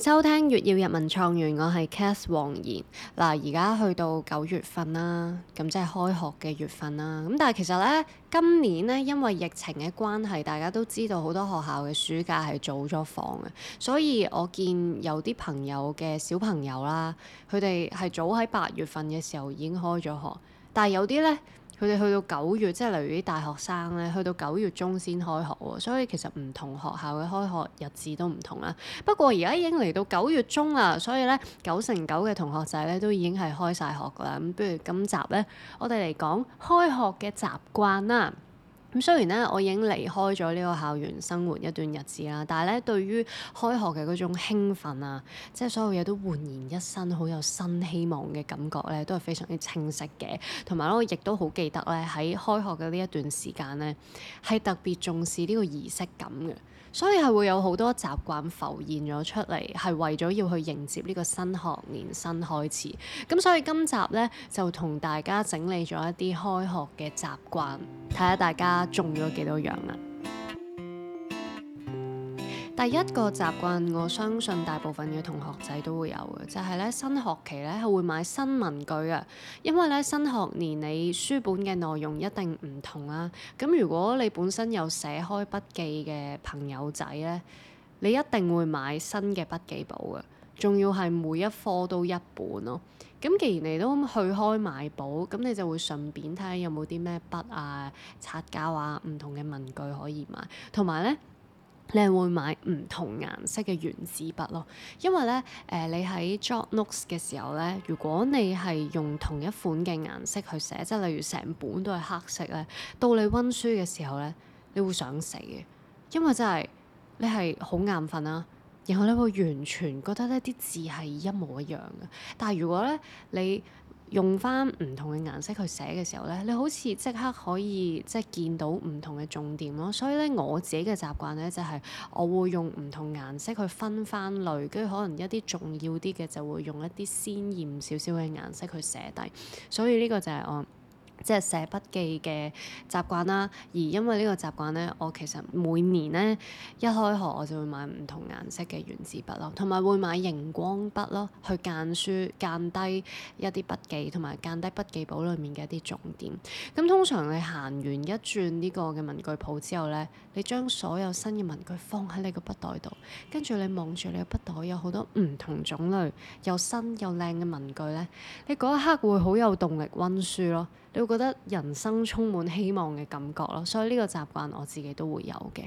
收聽粵語日文創園，我係 Cath 黃妍嗱。而家去到九月份啦，咁即係開學嘅月份啦。咁但係其實咧，今年咧因為疫情嘅關係，大家都知道好多學校嘅暑假係早咗放嘅，所以我見有啲朋友嘅小朋友啦，佢哋係早喺八月份嘅時候已經開咗學，但係有啲咧。佢哋去到九月，即係例如啲大學生咧，去到九月中先開學喎。所以其實唔同學校嘅開學日子都唔同啦。不過而家已經嚟到九月中啦，所以咧九成九嘅同學仔咧都已經係開晒學㗎啦。咁不如今集咧，我哋嚟講開學嘅習慣啦。咁雖然咧，我已經離開咗呢個校園生活一段日子啦，但係咧，對於開學嘅嗰種興奮啊，即係所有嘢都煥然一新，好有新希望嘅感覺咧，都係非常之清晰嘅。同埋我亦都好記得咧，喺開學嘅呢一段時間咧，係特別重視呢個儀式感嘅。所以係會有好多習慣浮現咗出嚟，係為咗要去迎接呢個新學年、新開始。咁所以今集呢，就同大家整理咗一啲開學嘅習慣，睇下大家中咗幾多樣啦。第一個習慣，我相信大部分嘅同學仔都會有嘅，就係、是、咧新學期咧係會買新文具嘅，因為咧新學年你書本嘅內容一定唔同啦、啊。咁如果你本身有寫開筆記嘅朋友仔咧，你一定會買新嘅筆記簿嘅，仲要係每一科都一本咯、啊。咁既然你都去開買簿，咁你就會順便睇下有冇啲咩筆啊、擦膠啊、唔同嘅文具可以買，同埋咧，你係會買唔同顏色嘅原子筆咯，因為咧，誒、呃，你喺 jot notes 嘅時候咧，如果你係用同一款嘅顏色去寫，即係例如成本都係黑色咧，到你溫書嘅時候咧，你會想死嘅，因為真係你係好眼瞓啦，然後你會完全覺得咧啲字係一模一樣嘅，但係如果咧你。用翻唔同嘅顏色去寫嘅時候咧，你好似即刻可以即係、就是、見到唔同嘅重點咯。所以咧，我自己嘅習慣咧就係我會用唔同顏色去分翻類，跟住可能一啲重要啲嘅就會用一啲鮮豔少少嘅顏色去寫低。所以呢個就係我。即係寫筆記嘅習慣啦，而因為呢個習慣呢，我其實每年呢一開學我就會買唔同顏色嘅原子筆咯，同埋會買螢光筆咯，去間書間低一啲筆記，同埋間低筆記簿裏面嘅一啲重點。咁、嗯、通常你行完一轉呢個嘅文具鋪之後呢，你將所有新嘅文具放喺你個筆袋度，跟住你望住你個筆袋有好多唔同種類又新又靚嘅文具呢，你嗰一刻會好有動力溫書咯。你會覺得人生充滿希望嘅感覺咯，所以呢個習慣我自己都會有嘅。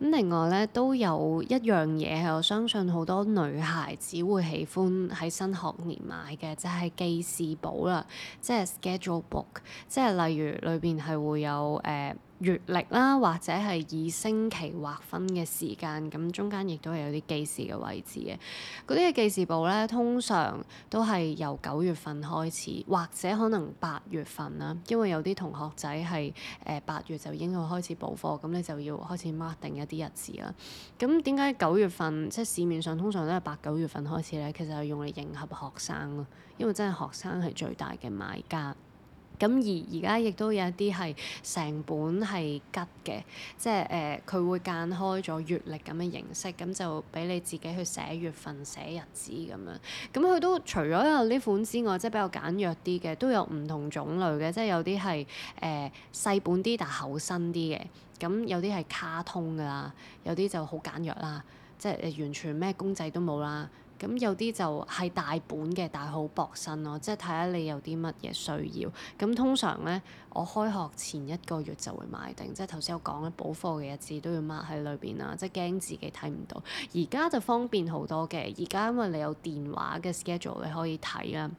咁另外咧，都有一樣嘢係我相信好多女孩子會喜歡喺新學年買嘅，就係記事簿啦，即係 schedule book，即係例如裏邊係會有誒、呃月曆啦，或者係以星期劃分嘅時間，咁中間亦都係有啲記事嘅位置嘅。嗰啲嘅記事簿咧，通常都係由九月份開始，或者可能八月份啦，因為有啲同學仔係誒八月就已經要開始補課，咁你就要開始 mark 定一啲日子啦。咁點解九月份即係市面上通常都係八九月份開始咧？其實係用嚟迎合學生咯，因為真係學生係最大嘅買家。咁而而家亦都有一啲係成本係吉嘅，即係誒佢會間開咗月曆咁嘅形式，咁就俾你自己去寫月份、寫日子咁樣。咁、嗯、佢都除咗有呢款之外，即係比較簡約啲嘅，都有唔同種類嘅，即係有啲係誒細本啲但係厚身啲嘅，咁有啲係卡通噶啦，有啲就好簡約啦，即係完全咩公仔都冇啦。咁有啲就係大本嘅，但係好薄身咯，即係睇下你有啲乜嘢需要。咁通常咧，我開學前一個月就會買定，即係頭先我講嘅補課嘅日子都要 mark 喺裏邊啦，即係驚自己睇唔到。而家就方便好多嘅，而家因為你有電話嘅 schedule 你可以睇啦。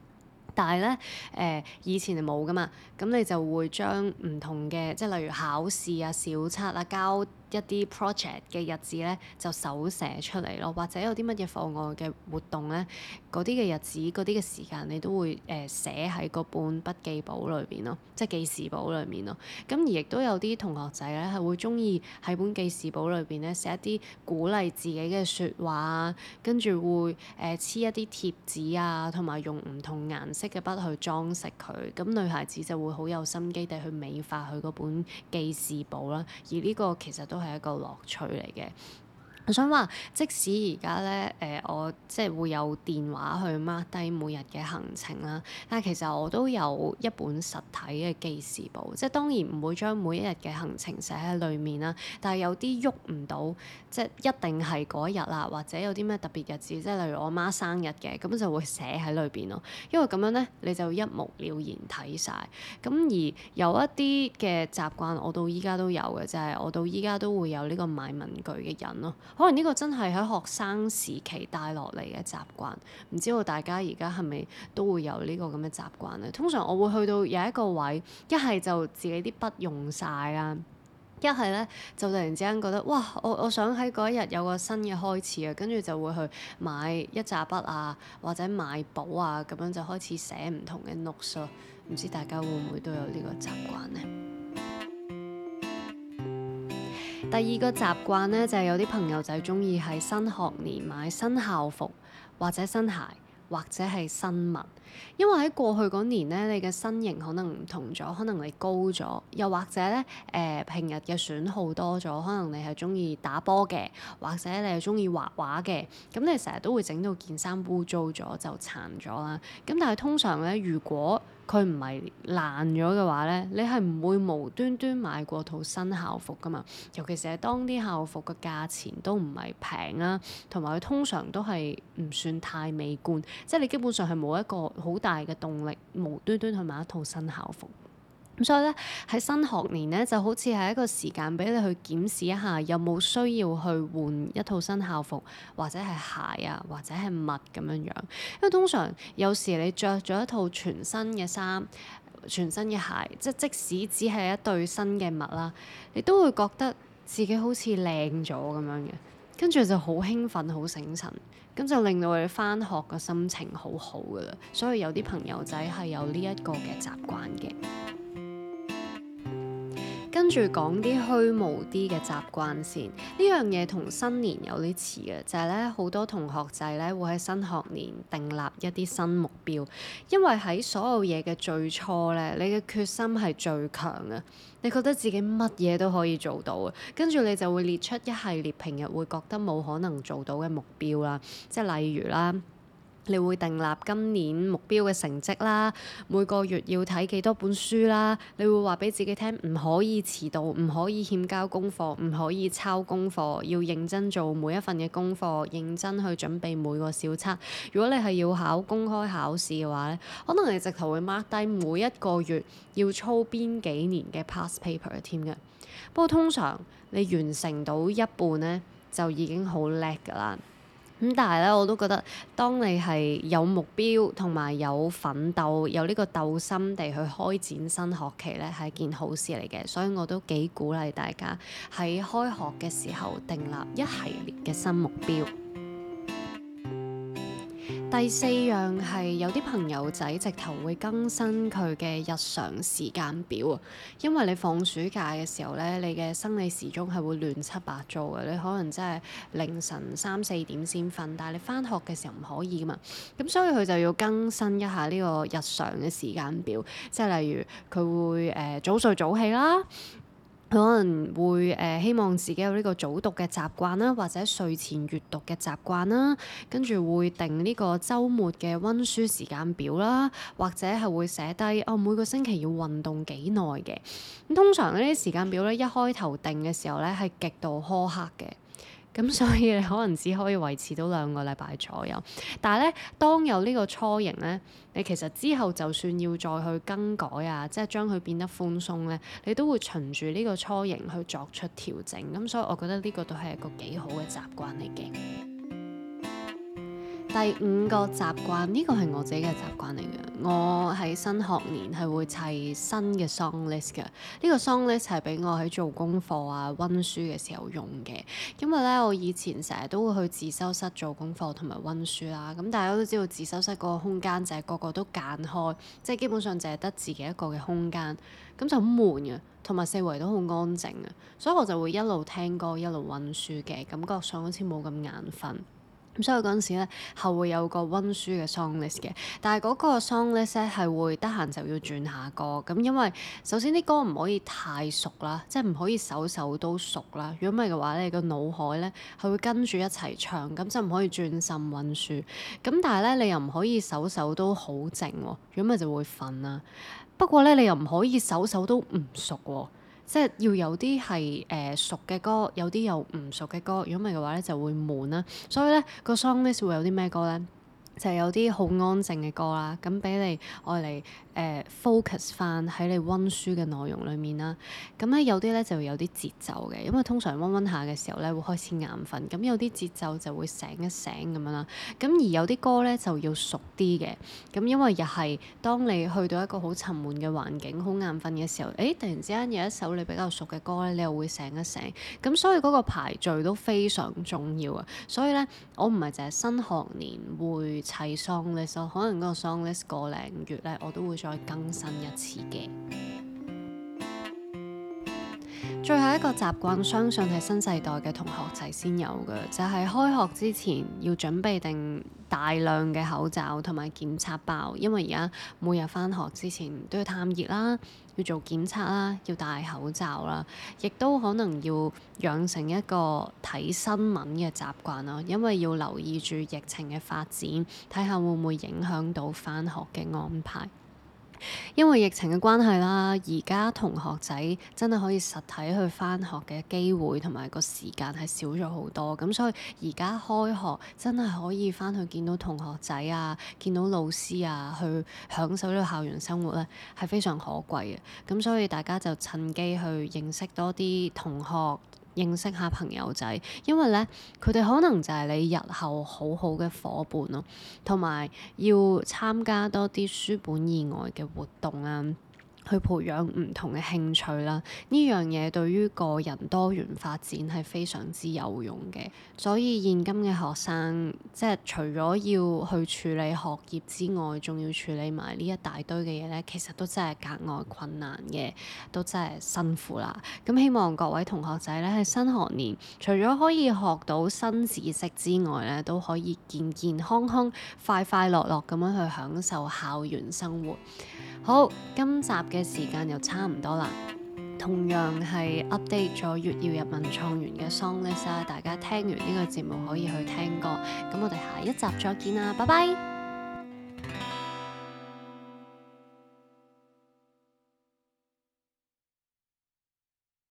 但係咧，誒、呃、以前就冇噶嘛，咁你就會將唔同嘅，即係例如考試啊、小測啊、交一啲 project 嘅日子咧，就手寫出嚟咯，或者有啲乜嘢課外嘅活動咧，嗰啲嘅日子，嗰啲嘅時間你都會誒寫喺嗰本筆記簿裏邊咯，即係記事簿裏面咯。咁而亦都有啲同學仔咧，係會中意喺本記事簿裏邊咧寫一啲鼓勵自己嘅説話，跟住會誒黐一啲貼紙啊，同埋用唔同顏色嘅筆去裝飾佢。咁女孩子就會好有心機地去美化佢嗰本記事簿啦。而呢個其實，都～都係一個樂趣嚟嘅。我想話，即使而家咧，誒、呃，我即係會有電話去 mark 低每日嘅行程啦，但係其實我都有一本實體嘅記事簿，即係當然唔會將每一日嘅行程寫喺裡面啦。但係有啲喐唔到，即係一定係嗰日啦，或者有啲咩特別日子，即係例如我媽生日嘅，咁就會寫喺裏邊咯。因為咁樣咧，你就一目了然睇晒。咁而有一啲嘅習慣，我到依家都有嘅，就係、是、我到依家都會有呢個買文具嘅癮咯。可能呢個真係喺學生時期帶落嚟嘅習慣，唔知道大家而家係咪都會有呢個咁嘅習慣呢？通常我會去到有一個位，一係就自己啲筆用晒啦，一係呢就突然之間覺得哇，我我想喺嗰一日有個新嘅開始啊，跟住就會去買一紮筆啊，或者買簿啊，咁樣就開始寫唔同嘅 note 書。唔知大家會唔會都有呢個習慣呢？第二個習慣咧，就係、是、有啲朋友仔就係中意喺新學年買新校服，或者新鞋，或者係新襪。因為喺過去嗰年咧，你嘅身形可能唔同咗，可能你高咗，又或者咧，誒、呃、平日嘅損耗多咗，可能你係中意打波嘅，或者你係中意畫畫嘅，咁你成日都會整到件衫污糟咗就殘咗啦。咁但係通常咧，如果佢唔係爛咗嘅話咧，你係唔會無端端買過套新校服㗎嘛？尤其是係當啲校服嘅價錢都唔係平呀，同埋佢通常都係唔算太美觀，即係你基本上係冇一個好大嘅動力無端端去買一套新校服。咁所以咧，喺新學年咧，就好似係一個時間俾你去檢視一下有冇需要去換一套新校服，或者係鞋啊，或者係襪咁樣樣。因為通常有時你着咗一套全新嘅衫、全新嘅鞋，即即使只係一對新嘅襪啦，你都會覺得自己好似靚咗咁樣嘅，跟住就好興奮、好醒神，咁就令到你返學個心情好好㗎喇。所以有啲朋友仔係有呢一個嘅習慣嘅。跟住講啲虛無啲嘅習慣先，呢樣嘢同新年有啲似嘅，就係咧，好多同學仔咧會喺新學年訂立一啲新目標，因為喺所有嘢嘅最初咧，你嘅決心係最強嘅，你覺得自己乜嘢都可以做到嘅，跟住你就會列出一系列平日會覺得冇可能做到嘅目標啦，即係例如啦。你會訂立今年目標嘅成績啦，每個月要睇幾多本書啦，你會話俾自己聽唔可以遲到，唔可以欠交功課，唔可以抄功課，要認真做每一份嘅功課，認真去準備每個小測。如果你係要考公開考試嘅話咧，可能你直頭會 mark 低每一個月要操邊幾年嘅 past paper 添嘅。不過通常你完成到一半咧，就已經好叻㗎啦。咁但係咧，我都覺得，當你係有目標同埋有，有奮鬥，有呢個鬥心地去開展新學期咧，係一件好事嚟嘅，所以我都幾鼓勵大家喺開學嘅時候訂立一系列嘅新目標。第四樣係有啲朋友仔直頭會更新佢嘅日常時間表啊，因為你放暑假嘅時候咧，你嘅生理時鐘係會亂七八糟嘅，你可能真係凌晨三四點先瞓，但係你返學嘅時候唔可以噶嘛，咁所以佢就要更新一下呢個日常嘅時間表，即係例如佢會誒、呃、早睡早起啦。佢可能會誒希望自己有呢個早讀嘅習慣啦，或者睡前閱讀嘅習慣啦，跟住會定呢個週末嘅温書時間表啦，或者係會寫低啊、哦、每個星期要運動幾耐嘅。咁通常呢啲時間表咧，一開頭定嘅時候咧，係極度苛刻嘅。咁所以你可能只可以維持到兩個禮拜左右，但係咧，當有呢個雛形咧，你其實之後就算要再去更改啊，即係將佢變得寬鬆咧，你都會循住呢個雛形去作出調整。咁所以我覺得呢個都係一個幾好嘅習慣嚟嘅。第五個習慣，呢、這個係我自己嘅習慣嚟嘅。我喺新學年係會砌新嘅 song list 嘅。呢、這個 song list 係俾我喺做功課啊、温書嘅時候用嘅。因為呢，我以前成日都會去自修室做功課同埋温書啦。咁、嗯、大家都知道，自修室嗰個空間就係個個都間開，即係基本上淨係得自己一個嘅空間，咁、嗯、就好悶嘅，同埋四圍都好安靜啊。所以我就會一路聽歌一路温書嘅，感覺上好似冇咁眼瞓。咁所以嗰陣時咧，係會有個温書嘅 song list 嘅，但係嗰個 song list 咧係會得閒就要轉下歌咁，因為首先啲歌唔可以太熟啦，即係唔可以首首都熟啦。如果唔係嘅話咧，你個腦海咧係會跟住一齊唱咁，就唔可以專心温書。咁但係咧，你又唔可以首首都好靜喎。如果唔係就會瞓啦。不過咧，你又唔可以首首都唔熟喎。即係要有啲係誒熟嘅歌，有啲又唔熟嘅歌。如果唔係嘅話，咧，就會悶啦、啊。所以咧，個 song list 會有啲咩歌咧，就係、是、有啲好安靜嘅歌啦。咁俾你愛嚟。focus 翻喺你溫書嘅內容裏面啦，咁咧有啲咧就會有啲節奏嘅，因為通常溫溫下嘅時候咧會開始眼瞓，咁有啲節奏就會醒一醒咁樣啦，咁而有啲歌咧就要熟啲嘅，咁因為又係當你去到一個好沉悶嘅環境、好眼瞓嘅時候，誒突然之間有一首你比較熟嘅歌咧，你又會醒一醒，咁所以嗰個排序都非常重要啊，所以咧我唔係淨係新學年會砌 song list 咯，可能嗰個 song list 個零月咧我都會，再更新一次嘅。最後一個習慣，相信係新世代嘅同學仔先有嘅，就係、是、開學之前要準備定大量嘅口罩同埋檢測包，因為而家每日翻學之前都要探熱啦，要做檢測啦，要戴口罩啦，亦都可能要養成一個睇新聞嘅習慣咯，因為要留意住疫情嘅發展，睇下會唔會影響到翻學嘅安排。因為疫情嘅關係啦，而家同學仔真係可以實體去返學嘅機會同埋個時間係少咗好多，咁所以而家開學真係可以返去見到同學仔啊，見到老師啊，去享受呢個校園生活呢，係非常可貴嘅。咁所以大家就趁機去認識多啲同學。認識下朋友仔，因為咧佢哋可能就係你日後好好嘅伙伴咯，啊，同埋要參加多啲書本以外嘅活動啊！去培養唔同嘅興趣啦，呢樣嘢對於個人多元發展係非常之有用嘅。所以現今嘅學生，即係除咗要去處理學業之外，仲要處理埋呢一大堆嘅嘢咧，其實都真係格外困難嘅，都真係辛苦啦。咁希望各位同學仔咧，喺新學年，除咗可以學到新知識之外咧，都可以健健康康、快快樂樂咁樣去享受校園生活。好，今集嘅時間又差唔多啦。同樣係 update 咗月耀日文創園嘅 song list 啊，大家聽完呢個節目可以去聽歌。咁我哋下一集再見啦，拜拜。